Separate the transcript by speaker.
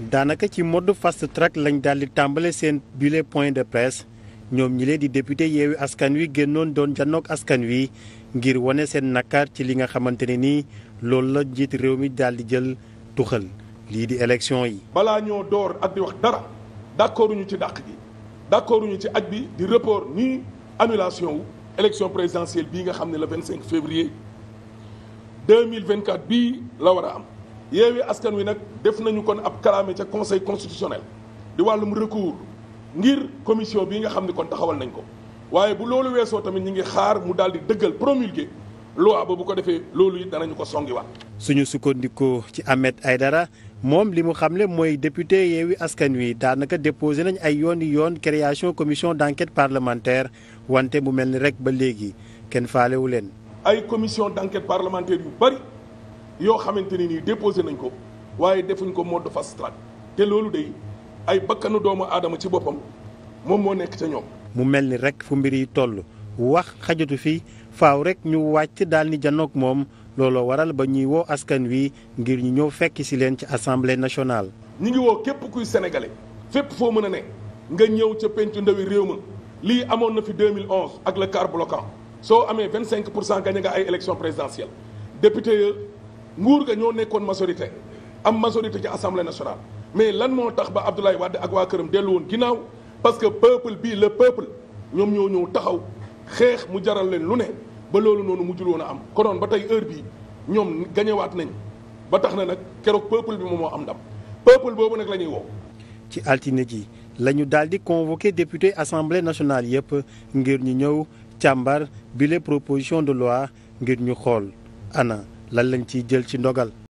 Speaker 1: daanaka ci mode fast track lañ daal di tàmbale seen bile point de presse ñoom ñi leen di député yeewi askan wi génnoon doon janook askan wi ngir wane seen nakar ci li nga xamante ne nii loolu la njiit réew mi daal di jël tuxal lii di élection yi. balaa ñoo door ak di wax dara d'accord ci dàq gi d'accord ci aj bi
Speaker 2: di report ni annulation wu élection présidentielle bii nga xam ne le 25 février 2024 bii la war a am. Yewwi Askan Wi nag def nañu kon ab kalaame ca conseil constitutionnel di wàllum recours ngir commission bii nga xam ni kon taxawal nañ ko waaye bu loolu weesoo tamit ñi ngi xaar mu daal di dëggal promulguer loi ba bu ko defee loolu it danañu ko songi wax
Speaker 1: suñu sukkandikoo ci ay dara moom li mu xamle mooy député Yewwi Askan Wi daanaka déposé nañ ay yoon i yoon création commission d'enquête parlementaire wante mu mel ni rek ba léegi kenn faalewu leen.
Speaker 2: ay commission d'enquête parlementaire yu bari. yoo xamante ne nii déposé nañ ko waaye defuñ ko mode fast track te loolu day ay bakkanu doomu aadama ci boppam
Speaker 1: moom moo nekk ca ñoom. mu mel ni rek fu mbir yi toll wax xajatu fi faw rek ñu wàcc daal ni janook moom looloo waral ba ñuy woo askan wi ngir ñu ñëw fekk si leen ci assemblée nationale. ñu ngi woo képp kuy sénégalais fépp foo mën a ne nga ñëw ca pencu ndawi réew ma
Speaker 2: lii amoon na fi 2011 ak le quart bloquant soo amee 25 pour cent gañe nga ay élection présidentielle nguur ga ñoo nekkoon majorité am majorité ci assemblée nationale mais lan moo tax ba Abdoulaye Wade ak waa këram dellu woon ginnaaw parce que peuple bii le peuple ñoom ñoo ñëw taxaw xeex mu jaral leen lu ne ba loolu noonu mujjul woon a am konoon ba tey heure bii ñoom gañewaat nañ ba tax na nag keroog peuple bi moom moo am ndam peuple boobu nag la ñuy woo.
Speaker 1: ci altine ji la ñu daal di convoqué député assemblée nationale yëpp ngir ñu ñëw càmbar bi les de loi ngir ñu xool ana. lan lañ ci jël ci ndogal